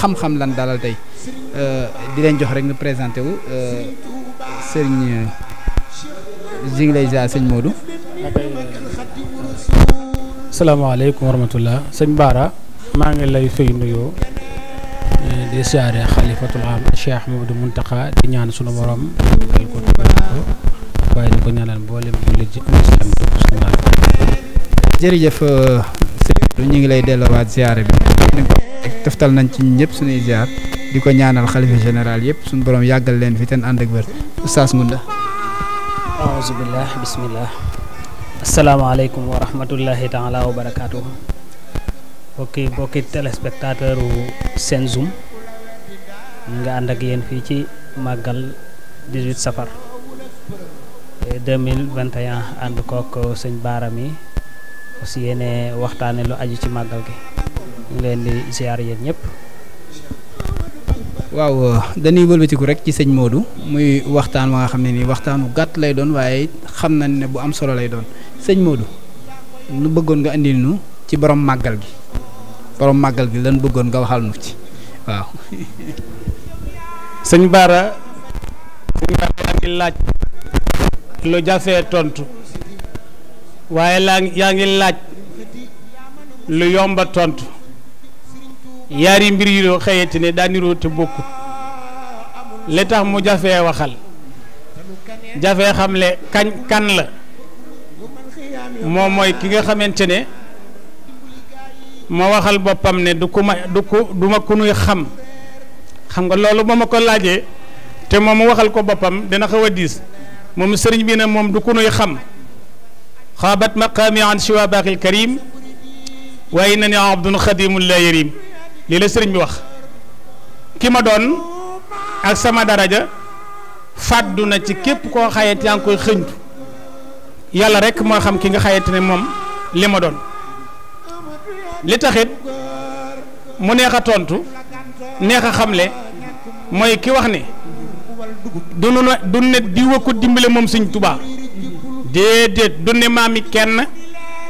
xam-xam lan dalal tey euh, di leen jox rek ñu présenté wu euh, sëriñ euh, ji ngi lay ziar sëñ Modou. salaamaaleykum wa rahmatulah sëñ Baara. maa ngi lay fay nuyoo. di siyaare xalifatul am Cheikh Mamadou Muntaxa di ñaan sunu borom kal ko tugal ko waaye di ko ñaanal mboolem jullit ji islam jërëjëf sëriñ ñu ngi lay delloowaat siyaare bi. ak teftal nañ ci ñëpp suñuy ziar di ko ñaanal xalifa général yëpp suñu borom yàggal leen fi ten ànd ak wér oustaz Ngunda aouzu billah bismillah wa rahmatullahi taala wa barakatuh bokki bokki téléspectateur seen zoom nga ànd ak yéen fii ci màggal 18 safar 2021 ànd kook sëñ mi aussi yéene waxtaane lu aju ci màggal gi ngi di ziar yéen ñëpp waaw dañuy wëlbatiku rek ci sëñ Modou muy waxtaan wa nga xam ne nii waxtaanu gat lay doon waaye xam nañ ne bu am solo lay doon sëñ Modou nu bëggoon nga indil nu ci borom magal gi borom magal gi lan bëggoon nga waxal nu ci waaw. sëñ Baara sëñ Baara laaj lo jafee tontu waaye laa yaa laaj lu yomba tontu. yari mbir yu xëyati ne da niro te bokkut le tax mu jafé waxal jafee xamle kañ kan la mom moy ki nga xamantene ne ma waxal bopam ne du kuma du ku duma ma ku nuy xam xam nga lolu ba ko laajee te mom waxal ko bopam dina xawa dis mom serigne bi ne mom du ku nuy xam khabat maqami an siwa baaxil karim wa innani abdun xadimul la yarim lii la sëriñ bi wax ki ma doon ak sama daraja fàddu na ci képp koo xayet yaa ngi koy xëñtu yàlla rek moo xam ki nga xayet ne moom li ma doon li taxit mu neex a tontu neex a xam le mooy ki wax ne du nu du ne diwa ko dimbale moom sëñ Tuubaa déedéet du ne maami kenn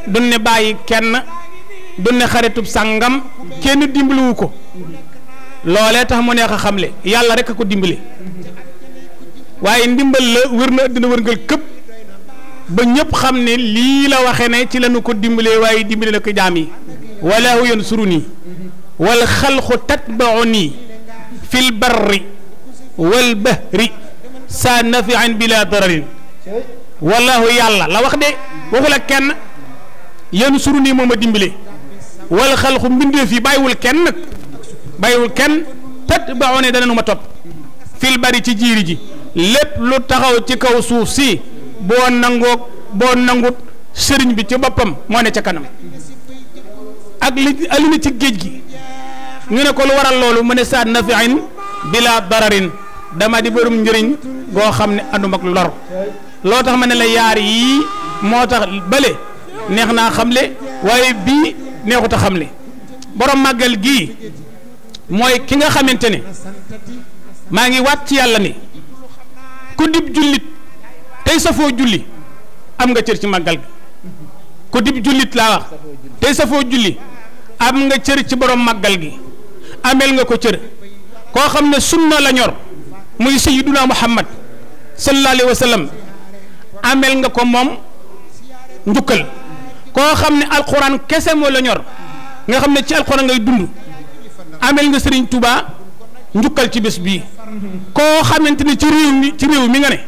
du ne bàyyi kenn du ne xaritub sàngam kenn dimbaliwu ko loolee tax mu neex a xamle yàlla rek a ko dimbali waaye ndimbal la wër na dina wërngal këpp ba ñëpp xam ne lii la waxee ne ci lañu ko dimbalee waaye dimbale na ko jaam yi walaahu yansuruni wal xalqu tatbauni fil barri wal bahri saa nafian bila dararin walaahu yàlla la wax de waxu la kenn yansuruni moom a dimbale wala xalqu fii yi bàyyiwul kenn nag bàyyiwul kenn tat ba one dana nu ma topp fil bari ci jiiri ji lépp lu taxaw ci kaw suuf si boo nangoog boo nangut sëriñ bi ci boppam moo ne ca kanam ak li alina ci géej gi ñu ne ko lu waral loolu mu ne saat nafiin bila dararin dama di bërum njëriñ goo xam ne ànduma ak lor loo tax ma ne la yaar yii moo tax bële neex naa xamle waaye bii neexut a xam ne borom màggal gii mooy ki nga xamante ne maa ngi waat ci yàlla ne ku dib jullit tey safoo julli am nga cër ci màggal gi ku dib jullit laa wax tey safoo julli nga cër ci borom màggal gi amel nga ko cër koo xam ne sunna la ñor muy sayyiduna muhammad sallallahu alayhi wa nga ko moom njukkal ko xamne alquran kesse kese la ñor nga xamne ci alquran ngay dund amel nga serigne Touba ndukal ci bes bi ko xamanteni ci rew mi ci rew mi nga ne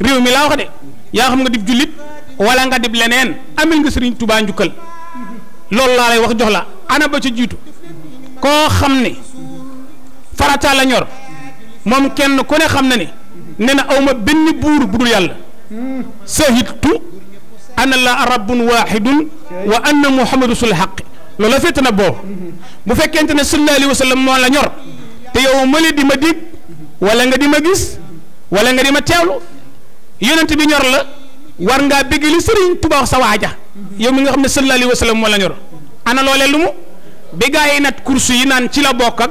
rew mi la wax de ya xam nga dib julit wala nga dib lenen amel nga serigne Touba ndukal lol la lay wax jox la ana ba ci jitu ko xamne farata la ñor mom kenn ku ne xamne ne na awma benn bur budul yalla sahitu ana la rabbun wahidun wa anna muhammadu sul haq loola fétt na boo bu fekkente ne sallallahu alayhi wa sallam moo la ñor te yow mële di ma dig wala nga di ma gis wala nga di ma teewlu yonent bi ñor la war ngaa bëgg li sëriñ Tuubaa sa waaja yow mi nga xam ne sallallahu alayhi wa sallam moo la ñor ana loolee lu mu bi yi nat kursu yi naan ci la bokk ak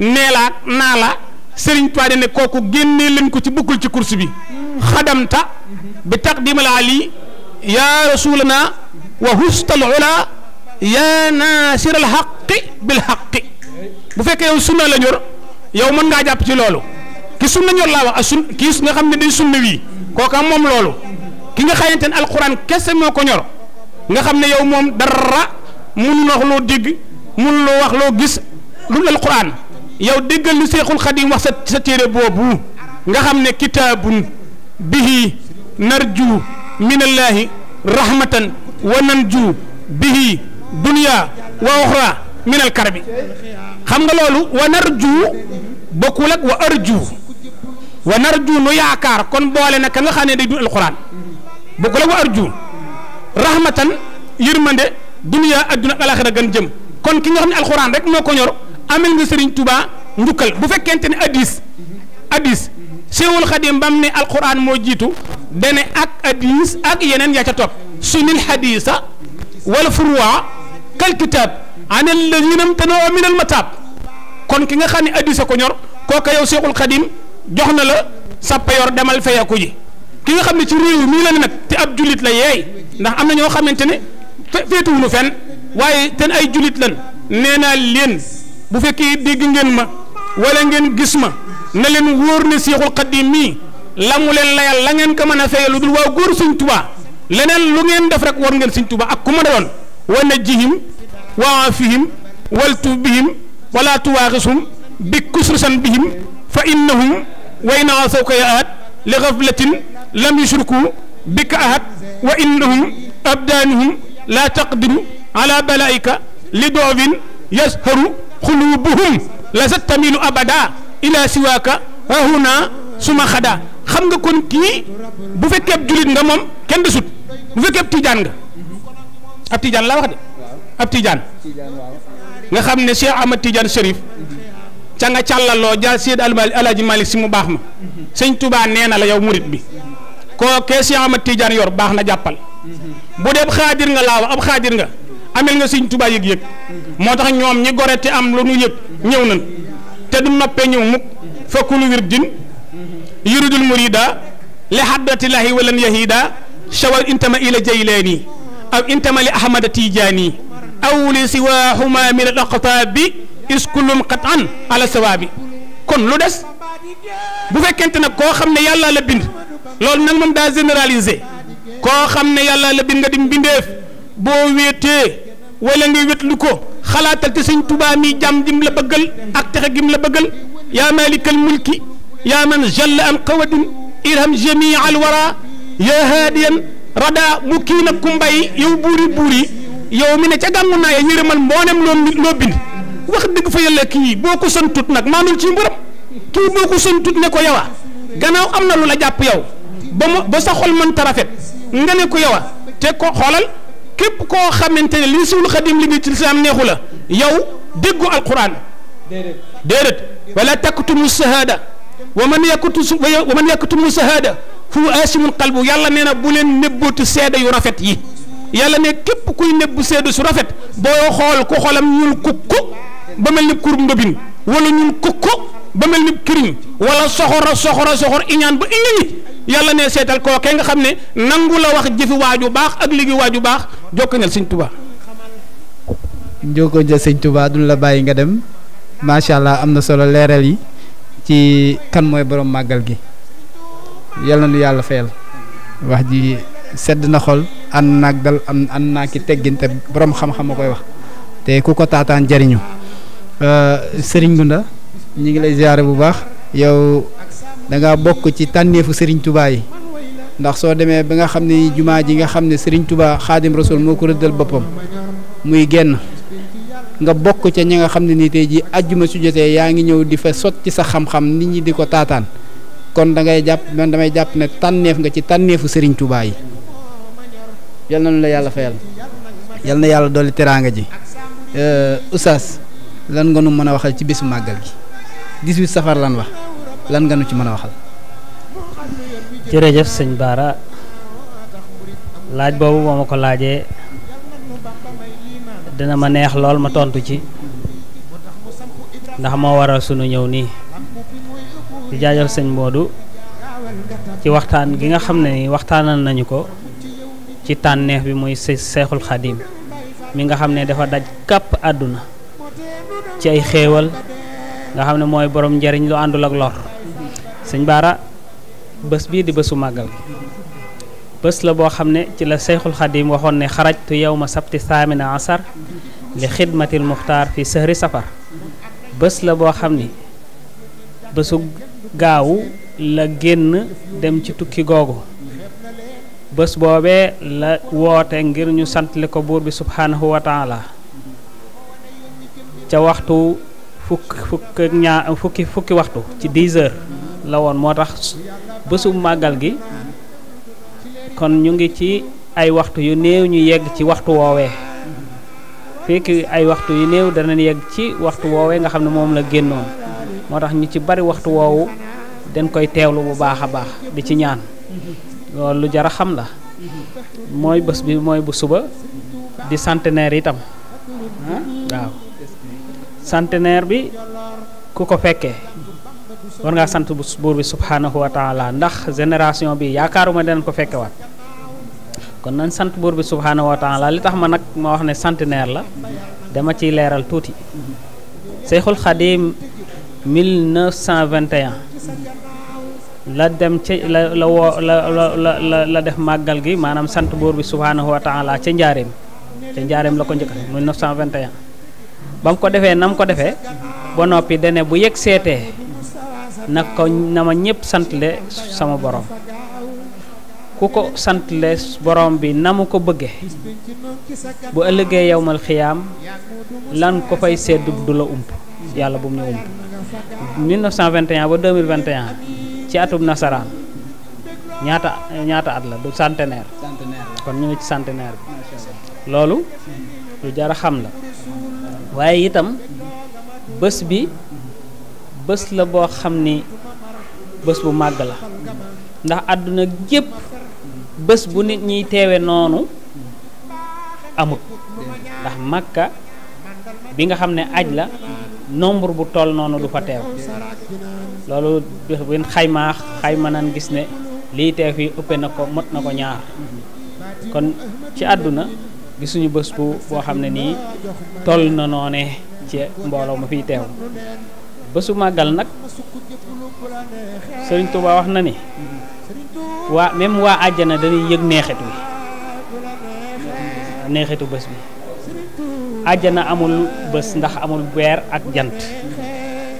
neelaat naa la sëriñ Tuubaa ne kooku génnee leen ko ci bokkul ci kursu bi xadamta bi taqdimal ya rasulana wa hustal ula ya nasir al haqq bil haqq bu fekke yow sunna la ñor yow man nga japp ci lolu ki sunna ñor la wax asun ki nga xamne di day sunna ko kooka mom lolu ki nga xayante al qur'an kese moko konyor. ñor nga xamne ne yow mom dara mun wax lo deg mun lo wax lo gis lu qur'an yow deggal lu shaykhul khadim wax sa tere bobu nga xamne kitabun bihi narju minallaahi rahmatan wa nanju bihi dunya wa uxra minal karbi xam nga loolu wa narju bokkul ak wa arju wa narju nu yaakaar kon boole na ka nga xam ne day du alxuraan bokkul ak wa arju rahmatan yërmande dunya adduna ak alaxira gën jëm kon ki nga xam ne alxuraan rek noo ko ñor amel nga Serigne tubaa njukkal bu fekkente ne addis addis سيول خديم بامني القران مو جيتو داني اك اديس اك ينن يا توب سن الحديثه والفروع كالكتاب عن الذين امتنعوا من المتاب كون كيغا خاني اديس كو نيور كوكا يو سيول خديم جوخنا لا سا بايور دمال فيا كوجي كيغا خامني سي ريو مي لا نك تي اب جوليت لا ياي ناخ امنا ньо خامنتيني فيتو ونو فن واي تن اي جوليت لن نينا لين بو فكي ديغ نين ما ولا نين غيس ما نلن وورن شيخ القديم مي لامو لن لا لا نين كما نا فاي لودول وا غور سيغ توبا لنن لو نين داف رك وور نين سيغ توبا اك كوما دون ونجيهم وافهم والتو بهم ولا تواغسهم بكسر سن بهم فانهم وين عصوك يا اهد لغفله لم يشركوا بك اهد وانهم ابدانهم لا تقدم على بلائك لدعو يسهر قلوبهم لست تميل ابدا ilaa siwaaka hahuna suma xadaa xam nga kon kii bu fekkee ab julit nga moom kenn desut bu fekkee ab tiijaan nga ab tiijaan nga xam ne Cheikh Ahmad Tidiane Chérif ca nga càllaloo ja Seyd Alaaji Malick si mu baax ma sëñ tubaa nee na la yow murit bi koo kee Cheikh Ahmad Tidiane yor baax na jàppal bu dee ab xaadir nga laawa ab xaadir nga amel nga sëñ tubaa yëg-yëg moo tax ñoom ñi gore am lu ñu yëg ñëw nañ te du noppee ñëw mukk fakkunu wirdin yuridul murida li hadratillahi walan yahida shawal intama ila jaylani aw intama li ahmada tijani aw li siwahuma min al aqtabi iskulum qatan ala sawabi kon lu des bu fekkente nag koo xam ne yàlla la bind loolu nag moom daa généraliser koo xam ne yàlla la bind nga di mbindeef boo wéetee wala nga wétlu ko xalaatal te sëñ Tuubaa mi jàmm gi mu la bëggal ak texe gi mu la bëggal yaa maalikal mulki yaa man jalla an qawadin irham jamii al wara yaa haadiyan rada mu kii nag ku mbay yow buuri buuri yow mi ne ca gàmmu naa ya yërëmal mboolem loo loo bind wax dëgg fa yàlla kii boo ko santut nag maanul ci mburam kii boo ko santut ne ko yawa gannaaw am na lu la jàpp yow ba mu ba sa xol mënta rafet nga ne ko yawa te ko xoolal كيف كو خامتيني لي سول خديم لي بيت الاسلام نيخولا ياو ديغو القران ديرت ولا تكتم الشهاده ومن يكتم ومن يكتم الشهاده فهو اسم القلب يلا نينا بولين نيبوت سيد يو رافيت يي يلا ني كيب كوي نيبو سيد سو رافيت بو خول كو خولام نول كوكو بامل كور مبين ولا نول كوكو ba melni ni wala soxora soxora soxor iñan ba iñani yalla ne ko ke nga xamne ne la wax jëfi waju bax ak ligi waju bax jokkal sëñ touba jokko ja sëñ touba dun la baye nga dem sha allah amna solo leral yi ci kan moy borom magal gi yalla nu yalla fayal wax ji sedd na xol an nak dal am an naa ki te borom xam-xam koy wax te kuko tatan jariñu euh Gunda ñi ngi lay ziaré bu baax yow da nga bok ci tanéfu Serigne Touba yi ndax so démé bi nga xam juma ji nga xam Serigne Touba khadim rasul moko reddal bopam muy genn nga bok ci ñi nga xam ni tay ji aljuma su di fa ci sa xam-xam nit ñi diko kon da ngay japp man damay japp ne tanéf nga ci tanéfu Serigne Touba yi yal nañu la fayal yal na yalla doli teranga ji euh, oustaz lan nga nu mëna waxal ci bisu magal gi 18 safar lan wax lan nganu ci mën a waxal. jërëjëf sëñ Baara laaj boobu boo ma ko laajee dina ma neex lool ma tontu ci ndax moo waral sunu ñëw nii di jaajal sëñ mboodu ci waxtaan gi nga xam ne nii waxtaanal nañu ko ci tànneex bi muy Seexul Xadiim mi nga xam ne dafa daj kàpp àdduna ci ay xéewal nga xamne moy borom njariñ lu àndul ak lor sëñ bara bés bi di bésu magal bés la bo xamne ci la shaykhul khadim waxon ne kharajtu yawma sabti thamina asar li al mukhtar fi sahri safar bés la bo xamne ni bésu gaawu la génn dem ci tukki gogo bés bobé la wote ngir ñu sant liko bur bi subhanahu wa taala ca waxtu Fuk, fukk ñaa fukki fukki waxtu ci 10 heures la woon gi kon ñu ngi ci ay waxtu yu néew ñu yegg ci waxtu woowee fekk ay waxtu yu néew dana yegg ci waxtu woowee nga xam ne moom la génnoon moo tax ñu ci bari waxtu koy bu baax baax di ci ñaan loolu lu jara xam la mooy bi bu suba di centenaire itam waaw centenaire bi ku ko fekkee war ngaa sant buur bi subhaanahu wa taala ndax génération bi yaakaaruma danañ ko waat kon nañ sant buur bi subhaanahu wa taala li tax ma nag ma wax ne centenaire la dama ciy leeral tuuti Seyxul Xadim 1921 la dem ca la la woo la la la la def màggal gi maanaam sant buur bi subhaanahu wa taala ca njaareem ca njaareem la ko njëkk 1921 ba mu ko defee na mu ko defee ba noppi dane bu yëg seetee na ko na ma ñëpp santle sama borom ku ko santle borom bi na mu ko bëgge bu ëllëgee yowmal xiyaam lan ko fay seddu du la ump yàlla bu mu ñu ump 1921 ba 2021 ci atum nasaraan ñaata ñaata at la du centenaire. kon ñu ngi ci centenaire bi. loolu lu jar a xam la. waaye itam bés bi bés la boo xam ni bés bu màgg la ndax àdduna jépp bés bu nit ñiy teewe noonu amut ndax màkka bi nga xam ne aj la nombre bu toll noonu du fa teew loolu bin xaymaa xayma nan gis ne lii teew fii ëppe na ko mot na ko ñaar kon ci àdduna di suñu bés bu boo xam ne nii toll na noone ci mbooloo ma fiy teew bésu màggal nag sëriñ Touba wax na ni waa même waa àjjana dañuy yëg neexetu bi neexetu bés bi àjjana amul bés ndax amul weer ak jant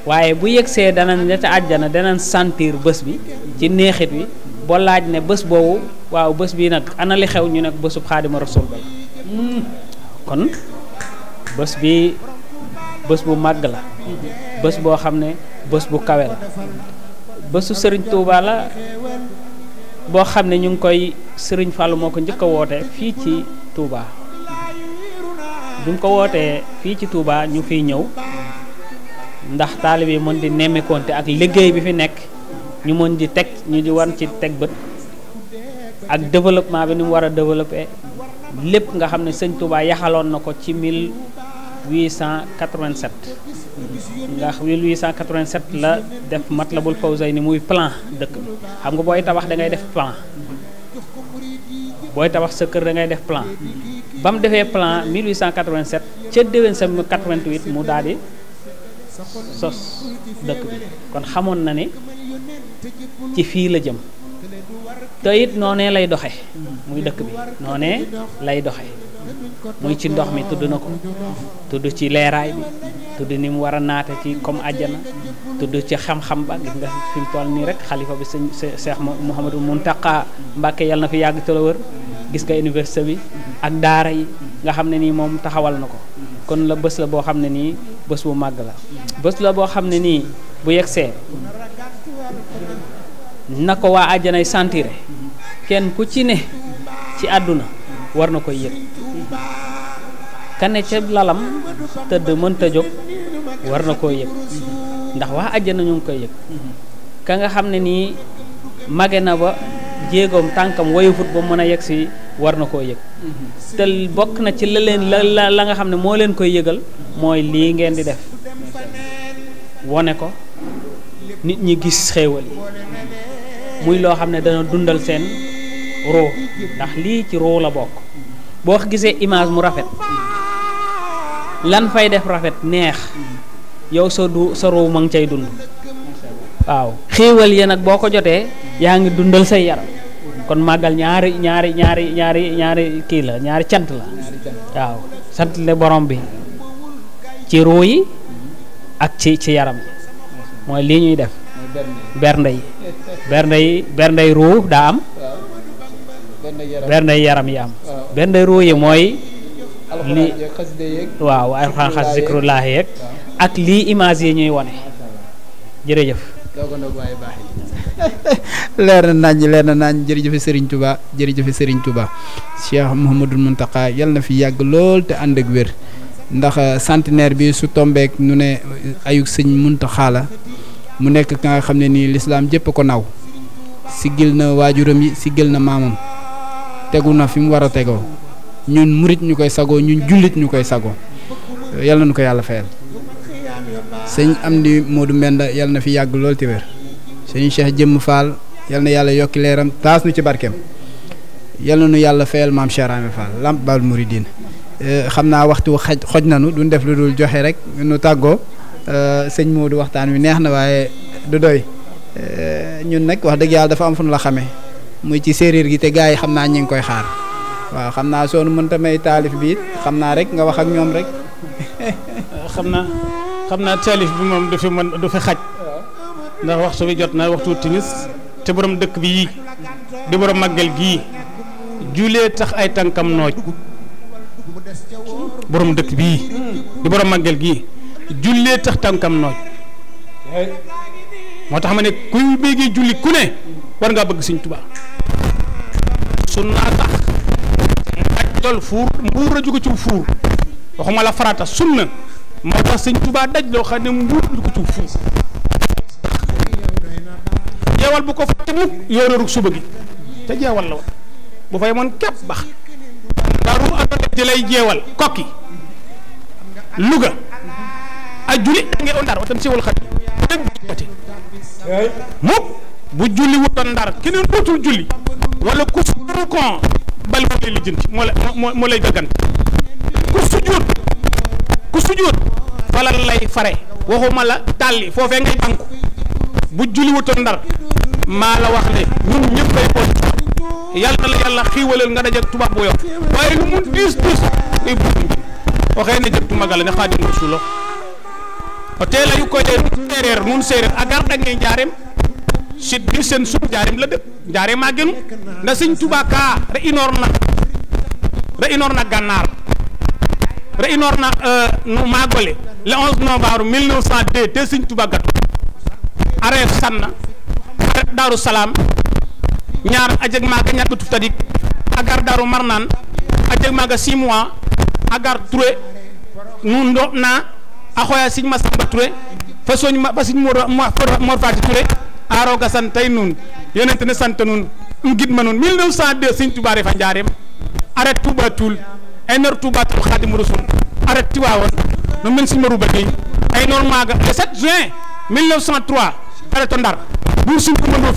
waaye bu yëgsee danañ ne ca àjjana danañ sentir bés bi ci neexit wi boo laaj ne bés boobu waaw bés bi nag ana li xew ñu nekk bésub xaadima rasul la kon bés bi bés bu màgg la bés boo xam ne bés bu kawe la bésu sëriñ Touba la boo xam ne ñu ngi koy sëriñ Fallou moo ko njëkk a woote fii ci Touba bi mu ko wootee fii ci Touba ñu fiy ñëw ndax taalibe yi mën di nemmekonte ak liggéey bi fi nekk ñu mën di teg ñu di war ci teg bët ak développement bi ni mu war lépp nga xam ne sëñ Touba yaxaloon na ko ci mille nga 1887. ndax 1887 la def Matlabul ni muy plan dëkk bi xam nga booy tabax da ngay def plan booy tabax sa kër da ngay def plan ba mu defee plan 1887 ca déwén sa 88 mu daal di sos dëkk bi kon xamoon na ne ci fii la jëm. te it noonee lay doxe muy dëkk bi noonee lay doxe muy ci ndox mi tudd na ko tudd ci leeraay bi tudd ni mu war a naate ci comme àjjana tudd ci xam-xam ba gis nga fi mu nii rek xalifa bi sëñ Cheikh Mouhamadou Mountakha Mbacké yàlla na fi yàgg te gis nga université bi ak daara yi nga xam ne nii moom taxawal na ko kon la bës la boo xam ne nii bës bu màgg la bés la boo xam ne nii bu yegsee na ko waa àjjanay santire ken ku ci ne ci aduna war na koy yëg kane ci lalam tëdd mënta jóg war na koo yëg ndax wax àjjana ñu ngi koy yëg ka nga xam ni magé na ba jéegoom tankam a yegg si war na koo yëg te bok na ci la leen la nga xam mo leen koy yegal moy li ngeen di def woné ko nit ñi gis xéewal muy lo xam dana dundal sen. ruu ndax lii ci ruu la bokk boo gisee image mu rafet lan fay def rafet neex yow sa du sa ruu ma ngi cay dund waaw xéewal ya nag boo ko jotee yaa ngi dundal say yaram kon màggal ñaari ñaari ñaari ñaari ñaari cant la waaw sant le borom bi ci ruu yi ak ci ci yaram mooy lii ñuy def bernde yi bernde yi bernde yi ruu daa am benn yaram yi am benn ruu yi mooy lii waaw alxuraan xas zikrullah yeeg ah. ak lii image yi ñuy wone jërëjëf leer na nañ leer na nañ jërëjëfe Serigne Touba jërëjëfe Serigne Touba Cheikh Mouhamadul Muntaka yal na fi yàgg lool te ànd ak wér ndax euh, centenaire bi su tombeek nu ne euh, ayuk sëñ Muntaka la mu nekk ka nga xam ne nii ko naw na waajuram yi na maamam tegu na fi mu war a tegoo ñun murit ñu koy sagoo ñun jullit ñu koy sagoo yal nu ko yàlla fayal sëñ Amdi Modou Mbenda yal na fi yàgg loolu te wér sëñ Cheikh Jëmm Fall yal na yàlla yokki leeram taas nu ci barkeem yal nañu yàlla fayal maam Cheikh Ramé Fall Lamp Baal Mouridine eh, xam naa waxtu xaj xoj nañu duñ def lu dul joxe rek nu tàggoo eh, sëñ Modou waxtaan wi neex na waaye du doy eh, ñun nag wax dëgg yàlla dafa am fu nu la xamee. muy ci séeréer gi te gars yi xam naa ñu ngi koy xaar waaw xam naa soo mënta may taalif bi xam naa rek nga wax ak ñoom rek. xam naa xam naa taalif bi moom du fi mën du fi xaj ndax waxtu bi jot na waxtu timis te boroom dëkk bi yii di màggal gii juulee tax ay tànkam nooj borom dëkk bii di borom màggal gii jullee tax tànkam nooj moo tax ma ne kuy béggee julli ku ne war ngaa bëgg Sëñ Tuubaa sunnaa tax dajjal fuur mbuur a jóge ci fuur waxuma tax sëñ Tuubaa daj loo xam ne mbuur julli da ndar keneen dootul julli wala kus rukkon bal moo lay lijjanti moo lay moo lay gàggante ku sujjuut ku sujjuut falal lay fare waxuma la tàlli foofee ngay banku bu julliwutoon ndar maa la wax ne ñun ñëpp bay yàlla na la yàlla xiiwaleel nga dajeeg tubaab bu yof waaye lu mun diis diis ngay buum waxee ne jëg tu magala ne xaadim rasulo o teela yu koy reer nun séeréer a garda ngee sit bi seen suuf njaareem la dëkk njaareem maa gënu nda sëñ Tuubaa kaa re inoor na re inoor na gànnaar re inoor na euh, nu maagole le 11 novembre 1902 te sëñ Tuubaa gàttu a reef sanna a daaru salaam ñaar a jeg maaga ñaar ɓetu tadik a daaru marnaan a jeg maaga 6 mois a nu ndoo na a xooya sëñ Masamba Touré fa sooñ ma fa sëñ Mor Mor aroga santay nuun yonente ne santa nuun um gidma nuun 1902 Sëñ Tuubaa refa njaarem a ret Tuubaa Tuul ay nor Tuubaa Tuul Xaadimu Rasuul a ret Tiwaawan no men Sëñ Marouba Gueye ay nor maaga le 7 juin 1903 a reto Ndar Buur Sine Coumba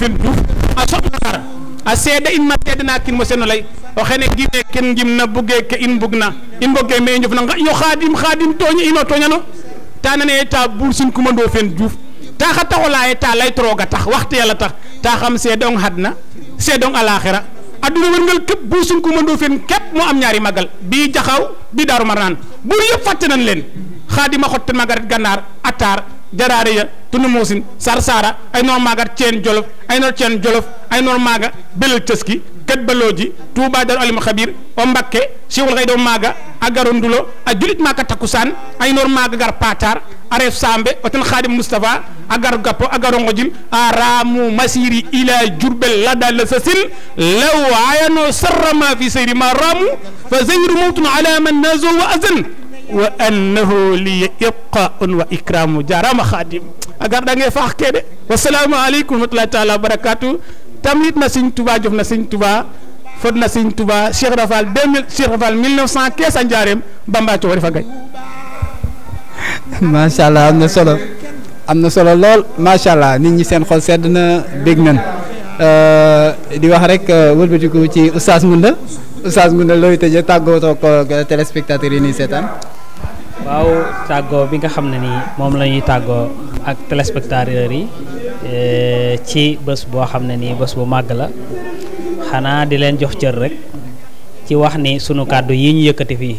a soɓna Ndar a seeɗa in ma seeɗana kin mo a lay o xene gime ken gimna buge ke in bugna in mboge me i ino tooñano ta xa taxolaye ta laytirooga tax waxtu yala tax ta xam seedong xadna seedong alaxira aduna wërngal képp bu Sunkuma Ndoofeen képp moo am ñaari magal bii jaxaw bii daaru marnaan buur yëpp fàtte nañ leen xaadima xotten magaret gannaar attaar jaraare ya tunu muusin sar saara ay noor maagat ceen jolof ay noor ceen jolof ay noor maaga belel tëski kat balooji Touba Darou Alimul Khabir o Mbakke siwol xey ɗo maaga a garo ndulo a julit maaka takusaan aynor maaga gar patar a sambe o ten Khadim mustafa a gar gappo a a ramu masiri ila jurbel lada la sasin law ayano sarrama fi seyri ma ramu fa zeyru mawtun ala man nazo wa azan wa annahu li ibqa'un wa ikramu jarama Khadim a garɗange faax kede wassalamu aleykum wa rahmatullahi wa barakatuh tamit na Sëñ Tuubaa jof na Sëñ Tuubaa fod na Sëñ Tuubaa Cheikh Rafal 2000 Cheikh Rafal 1915 a Njaareem bambaat coori fa gay macha allah am na solo am na solo lool macha allah nit ñi seen xol sedd na bég nañ euh, di wax rek euh, wëlbatiku ci oustaz Mounda oustaz Mounda looy tëjee tàggatoo ko euh, téléspectateurs yi nii seetaan. waaw tàggoo bi nga xam ne nii moom la ñuy tàggoo ak téléspectateurs yi. Eh, ci bés boo xam ne nii bés bu màgg la xanaa di leen jox cër rek ci wax ni sunu kàddu yi ñu yëkkati fii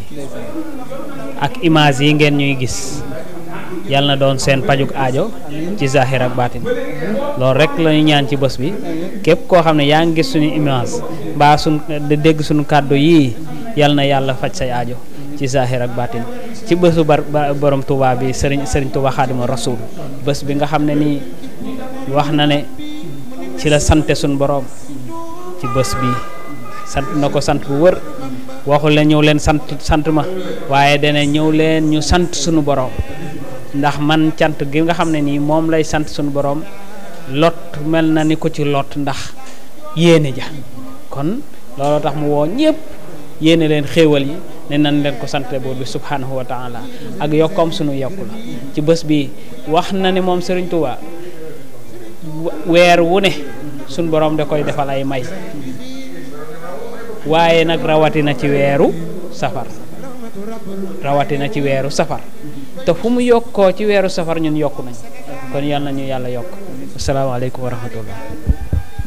ak image yi ngeen ñuy gis yal na doon seen pajuk aajo ci zahir ak baatin loolu rek la ñaan ci bés bi képp koo xam ne yaa ngi gis suñu image mbaa suñ dégg suñu kàddu yii yal na yàlla faj say aajo ci zahir ak baatin ci bésu bar borom Touba bi sëriñ sëriñ Touba Xaadimu Rasuul bés bi nga xam ne nii wax na ne ci la sante suñ boroom ci bés bi sant na ko sant bu wër waxu la ñëw leen sant sant ma waaye dana ñëw leen ñu sant suñu boroom ndax man cant gi nga xam ne nii moom lay sant suñu boroom lot mel na ni ko ci lot ndax yéene ja kon looloo tax mu woo ñépp yéene leen xéewal yi ne nan leen ko sante buur bi subhanahu wa ak yokkoom sunu yokku la ci bés bi wax na ne moom Sëriñ Tuubaa weer wu ne suñ borom da koy defal ay may waaye nag rawatina ci weeru safar rawatina ci weeru safar te fu mu yokkoo ci weeru safar ñun yokk nañ kon yal na yàlla yokk asalaamaaleykum wa rahmatullah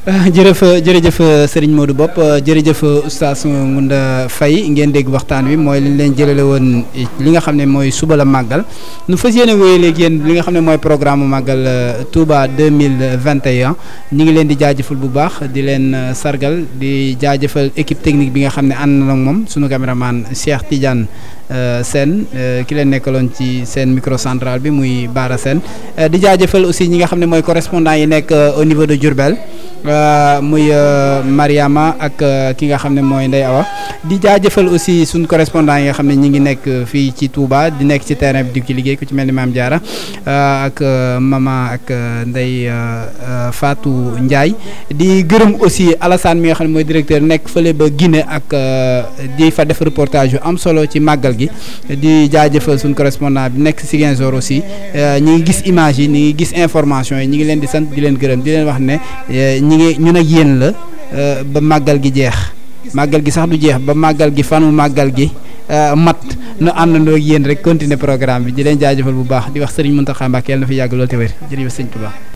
jërëjëf jërëjëf euh, Serigne Modou Bopp euh, jërëjëf euh, oustaz Ngounda Faye ngeen dégg waxtaan wi mooy liñ leen jëlale woon li nga xam ne mooy suba la màggal nu fas yéene wéyee léegi yéen li nga xam ne mooy programme mu màggal Touba 2021 ñu ngi leen di jaajëfal bu baax di leen sargal di jaajëfal équipe technique bi nga xam ne ànd na moom sunu man Cheikh Tidiane. Euh, Sène euh, ki leen nekkaloon ci seen microcentral bi muy Baara Sène euh, di jaajëfal aussi ñi nga xam ne mooy correspondant yi nekk au niveau de Diourbel muy Mariama ak ki nga xam ne mooy Ndeye Awa di jaajëfal aussi suñ correspondant yi nga xam ne ñi ngi nekk fii ci Touba di nekk ci terrain bi di ki liggéey ku ci mel ni Maam Diarra ak mama ak Ndeye Fatou Ndiaye di gërëm aussi Alassane mi nga xam ne mooy directeur nekk fële ba Guinée ak di fa def reportage yu am solo ci màggal màggal gi di jaajëfal suñ correspondant bi nekk si Ziguinchor aussi euh, ñi ngi gis image yi ni ngi gis information yi ñi ngi leen di sant di leen gërëm di leen wax ne euh, ñi ngi ñun ak yéen la euh, ba màggal gi jeex màggal gi sax du jeex ba màggal gi fanu màggal gi mat nu àndandoo ak yéen rek continuer programme bi di leen jaajëfal bu baax di wax sëriñ Mountakha Mbacké yàlla na fi yàgg lool te wér jërëjëf sëñ Touba